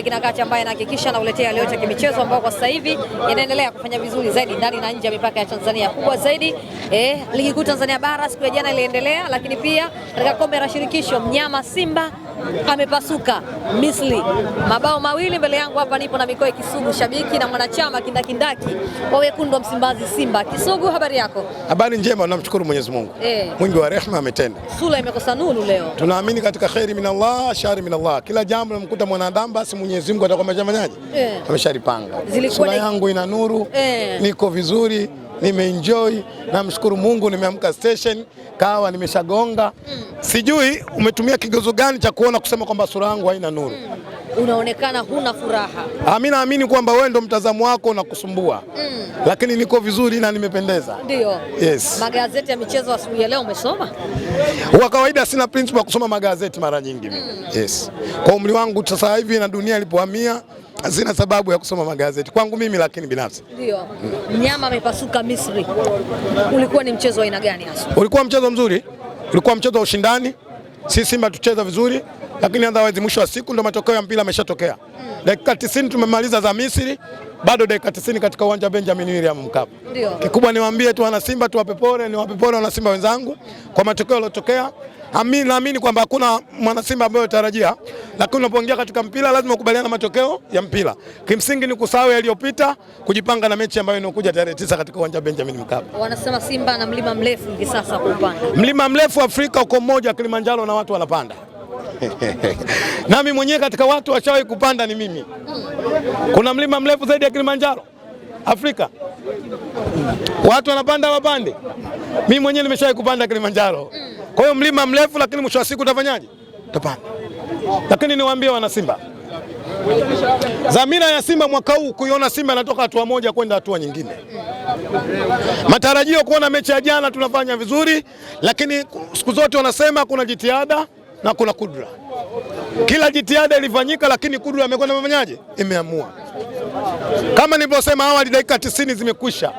Rachel kati ambaye anahakikisha anauletea yale yote ya kimichezo ambayo kwa sasa hivi inaendelea kufanya vizuri zaidi ndani na nje ya mipaka ya Tanzania. Kubwa zaidi eh, ligi kuu Tanzania bara siku ya jana iliendelea, lakini pia katika kombe la shirikisho mnyama Simba amepasuka Misri mabao mawili mbele yangu hapa, nipo na mikoa Kisugu, shabiki na mwanachama kindakindaki wa wekundu wa Msimbazi, Simba. Kisugu, habari yako? Habari njema, namshukuru Mwenyezi Mungu e, mwingi wa rehema, ametenda sura imekosa nuru leo. Tunaamini katika kheri min Allah shari min Allah, kila jambo namkuta mwanadamu, basi Mwenyezi Mungu atakuwa amefanyaje? E, Sura yangu ina nuru e, niko vizuri nimeenjoy, namshukuru Mungu, nimeamka station, kawa nimeshagonga. Mm. Sijui umetumia kigezo gani cha kuona kusema kwamba sura yangu haina nuru? Mm. Unaonekana huna furaha. Mimi ah, naamini kwamba wewe ndo mtazamo wako unakusumbua. Mm. Lakini niko vizuri na nimependeza. Ndio. Yes. Magazeti ya michezo asubuhi ya leo umesoma? Kwa kawaida sina principle ya kusoma magazeti mara nyingi mimi. Mm. Yes. Kwa umri wangu sasa hivi na dunia ilipohamia hazina sababu ya kusoma magazeti kwangu mimi, lakini binafsi ndio mm. amepasuka Misri, ulikuwa ni mchezo wa aina gani hasa? Ulikuwa mchezo mzuri, ulikuwa mchezo wa ushindani, sisi Simba tucheza vizuri, lakini otherwise mwisho wa siku ndo matokeo ya mpira ameshatokea mm. dakika 90 tumemaliza za Misri, bado dakika 90 katika uwanja Benjamin William Mkapa. Kikubwa niwaambie tu wana Simba, tuwape pole, niwape pole wana Simba wenzangu kwa matokeo yalotokea naamini kwamba hakuna mwanasimba ambaye utarajia, lakini unapoingia katika mpira lazima ukubaliana na matokeo ya mpira. Kimsingi ni kusahau yaliyopita, kujipanga na mechi ambayo inakuja tarehe tisa katika uwanja wa Benjamin Mkapa. Wanasema Simba na mlima mrefu hivi sasa kupanda. Mlima mrefu Afrika uko mmoja, Kilimanjaro, na watu wanapanda nami mwenyewe katika watu washawahi kupanda ni mimi. Kuna mlima mrefu zaidi ya Kilimanjaro Afrika? Watu wanapanda wapande, mimi mwenyewe nimeshawahi kupanda Kilimanjaro. Kwa hiyo mlima mrefu, lakini mwisho wa siku utafanyaje? Utapanda. Lakini niwaambie wana Simba, dhamira ya Simba mwaka huu kuiona Simba inatoka hatua moja kwenda hatua nyingine. Matarajio kuona mechi ya jana tunafanya vizuri, lakini siku zote wanasema kuna jitihada na kuna kudra. Kila jitihada ilifanyika, lakini kudra imekwenda imefanyaje, imeamua. Kama nilivyosema awali, dakika tisini zimekwisha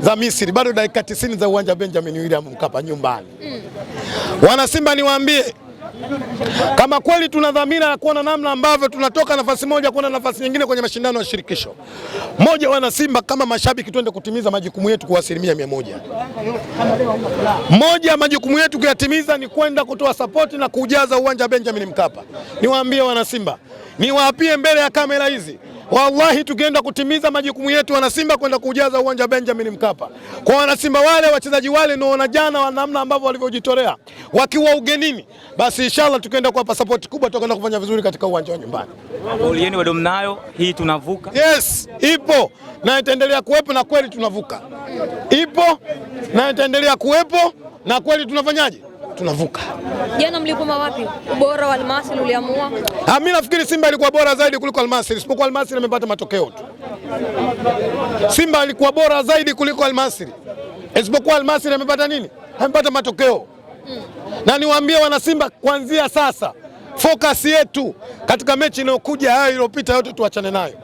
za Misri, bado dakika 90 za uwanja Benjamin William Mkapa nyumbani. Wana Simba, niwaambie kama kweli tuna dhamira ya kuona namna ambavyo tunatoka nafasi moja kwenda nafasi nyingine kwenye mashindano ya shirikisho moja, wana Simba kama mashabiki, twende kutimiza majukumu yetu kwa asilimia mia moja. Moja majukumu yetu kuyatimiza ni kwenda kutoa sapoti na kuujaza uwanja wa Benjamin Mkapa. Niwaambie wana Simba, niwaapie mbele ya kamera hizi Wallahi, tukienda kutimiza majukumu yetu wanasimba, kwenda kuujaza uwanja wa Benjamin Mkapa kwa wanasimba wale, wachezaji wale naona jana wa namna ambavyo walivyojitolea wakiwa ugenini, basi inshallah tukienda kuwapa sapoti kubwa, tutakwenda kufanya vizuri katika uwanja wa nyumbani. Kaulieni bado mnayo hii, tunavuka? Yes, ipo na itaendelea kuwepo, na kweli tunavuka. Ipo na itaendelea kuwepo, na kweli tunafanyaje tunavuka. Jana mlipoma wapi? Ubora wa Almasi uliamua? Ah, mimi nafikiri Simba ilikuwa bora zaidi kuliko Almasi, isipokuwa Almasi amepata matokeo tu. Simba ilikuwa bora zaidi kuliko Almasri, isipokuwa Almasri amepata nini? Amepata matokeo mm. Na niwaambie wana Simba, kuanzia sasa fokasi yetu katika mechi inayokuja, hayo iliyopita yote tuachane nayo.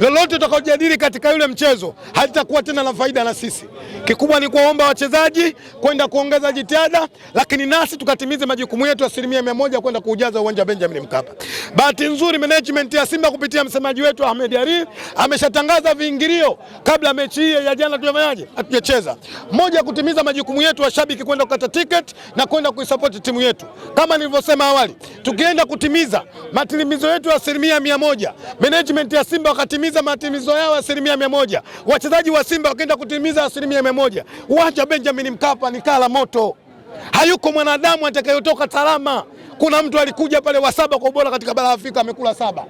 Lolote tutakaojadili katika yule mchezo halitakuwa tena na faida na sisi. Kikubwa ni kuwaomba wachezaji kwenda kuongeza jitihada, lakini nasi tukatimize majukumu yetu asilimia mia moja kwenda kuujaza uwanja wa Benjamin Mkapa. Bahati nzuri management ya Simba kupitia msemaji wetu Ahmed Ali ameshatangaza viingilio kabla mechi hii ya jana tufanyaje, hatujacheza moja, kutimiza majukumu yetu washabiki kwenda kukata ticket na kwenda kuisapoti timu yetu. Kama nilivyosema awali, tukienda kutimiza matimizo yetu ya asilimia mia moja, management ya Simba wakatimiza matimizo yao asilimia mia moja, wachezaji wa Simba wakaenda kutimiza asilimia niseme moja, wacha Benjamin Mkapa ni kala moto. Hayuko mwanadamu atakayotoka salama. Kuna mtu alikuja pale wa saba kwa ubora katika bara la Afrika amekula saba.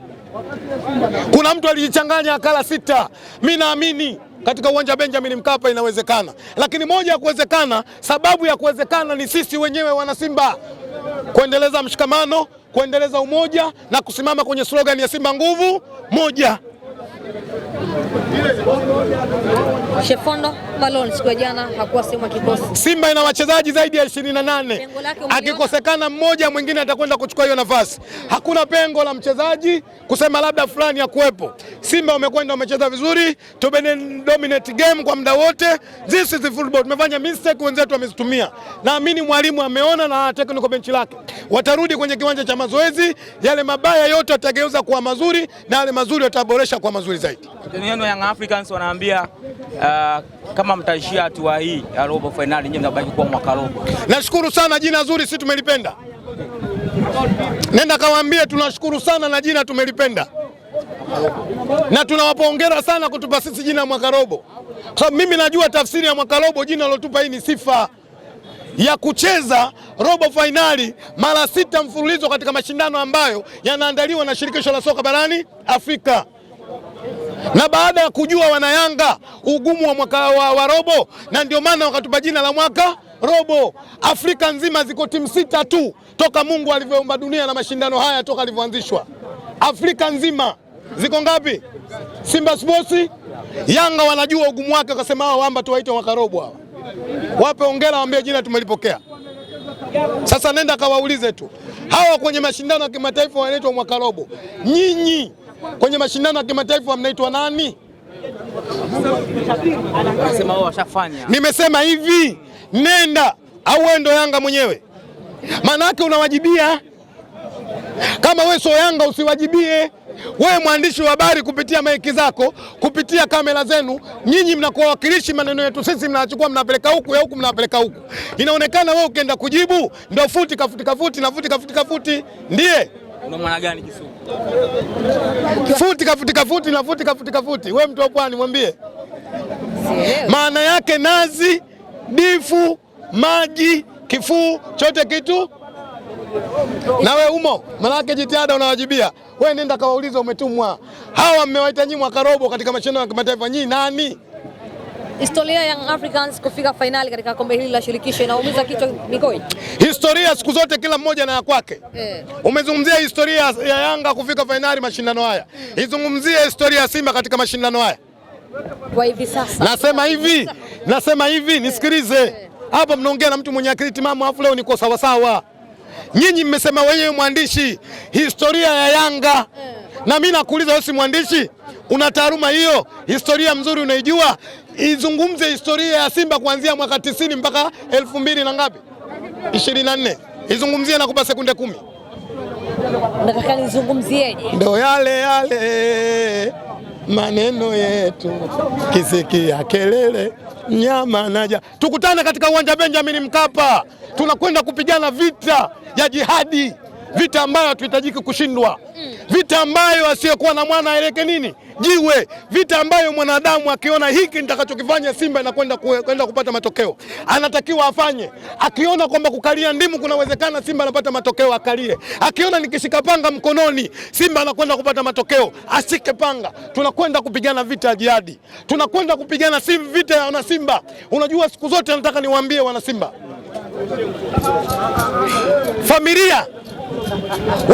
Kuna mtu alijichanganya akala sita. mi naamini katika uwanja wa Benjamin Mkapa inawezekana, lakini moja ya kuwezekana, sababu ya kuwezekana ni sisi wenyewe wanasimba kuendeleza mshikamano, kuendeleza umoja na kusimama kwenye slogan ya Simba nguvu moja. Shefondo Balon siku ya jana hakuwa sehemu ya kikosi. Simba ina wachezaji zaidi ya 28. Akikosekana mmoja mwingine atakwenda kuchukua hiyo nafasi. Hakuna pengo la mchezaji kusema labda fulani ya kuwepo. Simba wamekwenda wamecheza vizuri, dominate game kwa muda wote. This is the football. Tumefanya mistake, wenzetu wamezitumia. Naamini mwalimu ameona na technical bench lake watarudi kwenye kiwanja cha mazoezi, yale mabaya yote watageuza kuwa mazuri na yale mazuri wataboresha kwa mazuri zaidi. Young Africans wanaambia uh, kama mtaishia hatua hii ya robo finali, nyinyi mnabaki kwa mwaka robo. Nashukuru sana, jina zuri, si tumelipenda. Nenda kawaambie tunashukuru sana na jina tumelipenda na tunawapongera sana kutupa sisi jina mwaka robo, kwa sababu mimi najua tafsiri ya mwaka robo, jina lilotupa hii ni sifa ya kucheza robo fainali mara sita mfululizo katika mashindano ambayo yanaandaliwa na shirikisho la soka barani Afrika na baada ya kujua wanayanga ugumu wa mwaka wa, wa robo, na ndio maana wakatupa jina la mwaka robo. Afrika nzima ziko timu sita tu toka Mungu alivyoumba dunia na mashindano haya toka alivyoanzishwa. Afrika nzima ziko ngapi? Simba Sports, Yanga wanajua ugumu wake, wakasema hao wamba tuwaite mwaka robo hawa wape hongera, waambie jina tumelipokea. Sasa nenda kawaulize tu hawa kwenye mashindano ya kimataifa wanaitwa mwaka robo, nyinyi kwenye mashindano ya kimataifa mnaitwa nani? Nimesema hivi, nenda au wewe ndo Yanga mwenyewe? Maana yake unawajibia. Kama wewe sio Yanga usiwajibie. Wewe mwandishi wa habari, kupitia maiki zako, kupitia kamera zenu, nyinyi mnakuwa wakilishi maneno yetu sisi, mnachukua mnapeleka huku ya huku mnapeleka huku, inaonekana wewe ukienda kujibu ndio futi kafuti kafuti na futi kafuti kafuti, ndiye una maana gani Kisugu? Futi kafuti kafuti na futi kafuti kafuti, wewe mtu wa pwani mwambie maana yake, nazi difu maji kifuu chote kitu na we umo, manake jitihada unawajibia we. Nenda kawauliza, umetumwa hawa mmewaita nyinyi mwaka robo katika mashindano ya kimataifa, nyinyi nani? Historia Young Africans kufika fainali katika kombe hili la shirikisho inaumiza kichwa Mikoi. Historia siku zote kila mmoja na ya kwake eh. Umezungumzia historia ya Yanga kufika fainali mashindano haya mm. Izungumzie historia ya Simba katika mashindano haya kwa hivi sasa. Nasema hivi, nasema hivi nisikilize, eh. Eh. mnaongea na mtu mwenye akili timamu, afu leo niko sawasawa Nyinyi mmesema wenyewe mwandishi, historia ya Yanga eh. na mimi nakuuliza wewe, si mwandishi, una taaluma hiyo, historia mzuri unaijua, izungumze historia ya Simba kuanzia mwaka tisini mpaka elfu mbili na ngapi, ishirini na nne, izungumzie. Nakupa sekunde kumi. Nataka nizungumzieje? Ndio yale yale maneno yetu kisikia kelele mnyama naja. Tukutane katika uwanja Benjamin Mkapa, tunakwenda kupigana vita ya jihadi, vita ambayo hatuhitajiki kushindwa vita ambayo asiyokuwa na mwana aeleke nini jiwe, vita ambayo mwanadamu akiona hiki nitakachokifanya Simba inakwenda kwenda kupata matokeo, anatakiwa afanye. Akiona kwamba kukalia ndimu kunawezekana Simba anapata matokeo, akalie. Akiona nikishika panga mkononi Simba anakwenda kupata matokeo, ashike panga. Tunakwenda kupigana vita ya jihadi, tunakwenda kupigana sim, vita ya wanasimba. Unajua siku zote nataka niwaambie wanasimba, familia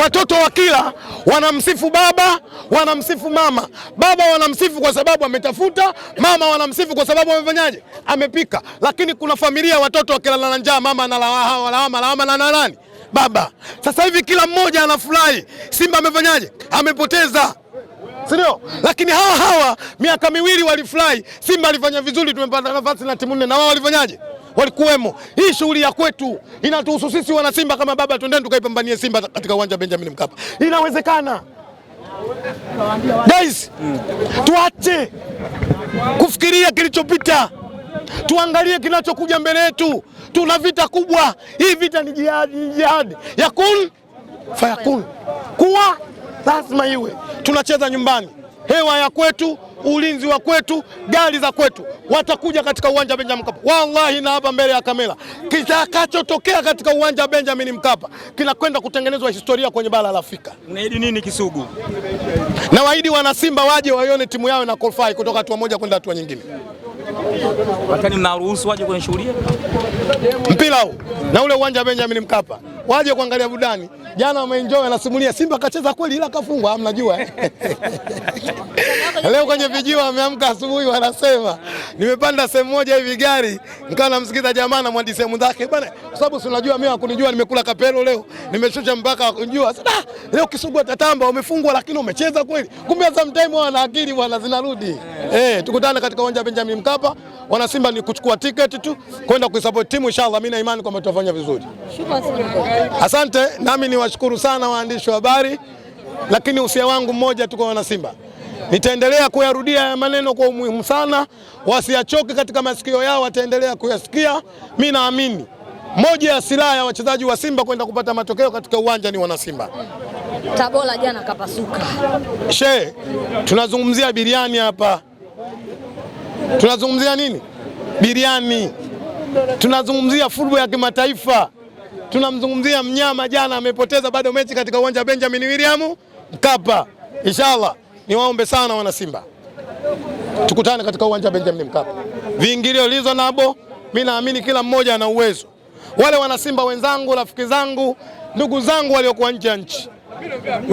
Watoto wa kila wanamsifu baba, wanamsifu mama. Baba wanamsifu kwa sababu ametafuta, mama wanamsifu kwa sababu amefanyaje, amepika. Lakini kuna familia watoto wakilala na njaa, mama analawama ah, ah, lawama na nani? Baba. Sasa hivi kila mmoja anafurahi, Simba amefanyaje, amepoteza, sindio Lakini hawa hawa miaka miwili walifurahi, Simba alifanya vizuri, tumepata nafasi na timu nne, na wao walifanyaje walikuwemo. Hii shughuli ya kwetu inatuhusu sisi wana Simba kama baba, tuendeni tukaipambanie Simba katika uwanja wa Benjamin Mkapa. Inawezekana guys, tuache kufikiria kilichopita, tuangalie kinachokuja mbele yetu. Tuna vita kubwa. Hii vita ni jihadi, ni jihadi yakun fayakun, kuwa lazima iwe. Tunacheza nyumbani hewa ya kwetu, ulinzi wa kwetu, gari za kwetu. Watakuja katika uwanja wa Benjamin Mkapa, wallahi na hapa mbele ya kamera, kitakachotokea katika uwanja wa Benjamin Mkapa kinakwenda kutengenezwa historia kwenye bara la Afrika. Unaahidi nini Kisugu? Na waahidi wana Simba waje waione timu yao na qualify kutoka hatua moja kwenda hatua nyingine. Watani mnaruhusu waje kwenye shughuli mpira huu na ule uwanja wa Benjamin Mkapa waje kuangalia burudani. Jana wameenjoy, na simulia, Simba kacheza kweli, ila kafungwa, mnajua leo kwenye vijiwa ameamka asubuhi, wanasema nimepanda sehemu moja hivi gari, nikawa namsikiza jamaa na mwandishi sehemu zake bwana, kwa sababu si unajua mimi hakunijua, nimekula kapelo leo, nimeshusha mpaka hakunijua. Sasa leo kisugua tatamba, umefungwa lakini umecheza kweli. Kumbe sometimes wana akili bwana, zinarudi eh. Tukutane katika uwanja wa Benjamin Mkapa. Wana Simba ni kuchukua tiketi tu kwenda kuisupport timu, inshallah. Mimi na imani kwamba tutafanya vizuri. Asante, nami niwashukuru sana waandishi wa habari, lakini usia wangu mmoja tu kwa wanasimba, nitaendelea kuyarudia ya maneno kwa umuhimu sana, wasiyachoke katika masikio yao, wataendelea kuyasikia. Mi naamini moja ya silaha ya wachezaji wa Simba kwenda kupata matokeo katika uwanja ni wanasimba. Tabora jana kapasuka. She, tunazungumzia biriani hapa, tunazungumzia nini? Biriani, tunazungumzia football ya kimataifa tunamzungumzia mnyama, jana amepoteza bado mechi katika uwanja wa Benjamin William Mkapa. Inshallah niwaombe sana wana Simba, tukutane katika uwanja wa Benjamin Mkapa, viingilio lizo nabo. Mimi naamini kila mmoja ana uwezo. Wale wana Simba wenzangu, rafiki zangu, ndugu zangu waliokuwa nje ya nchi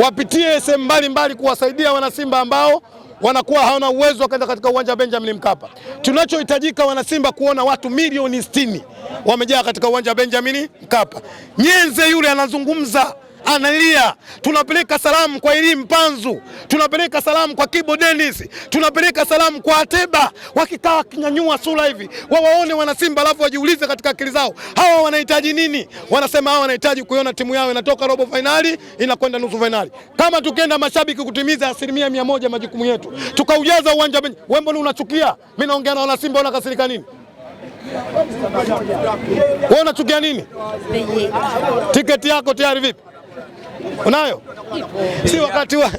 wapitie sehemu mbalimbali kuwasaidia wanasimba ambao wanakuwa hawana uwezo wakaenda katika uwanja wa Benjamin Mkapa. Tunachohitajika wanasimba kuona watu milioni sitini wamejaa katika uwanja wa Benjamin Mkapa. Nyenze yule anazungumza analia, tunapeleka salamu kwa Elimu Mpanzu, tunapeleka salamu kwa Kibo Dennis, tunapeleka salamu kwa Ateba. Wakikaa wakinyanyua sura hivi, wawaone wanasimba, alafu wajiulize katika akili zao, hawa wanahitaji nini? Wanasema hawa wanahitaji kuiona timu yao inatoka robo fainali inakwenda nusu fainali. Kama tukienda mashabiki kutimiza asilimia mia moja majukumu yetu, tukaujaza uwanja wembo, ni unachukia? Mimi naongea na wanasimba, wanakasirika nini? Wewe unachukia nini? Tiketi yako tayari vipi? Unayo? Si wakati wa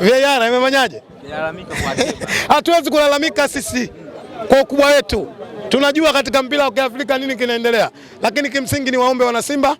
vyara imefanyaje? Hatuwezi kulalamika sisi kwa ukubwa wetu. Tunajua katika mpira wa Kiafrika nini kinaendelea, lakini kimsingi ni waombe wana Simba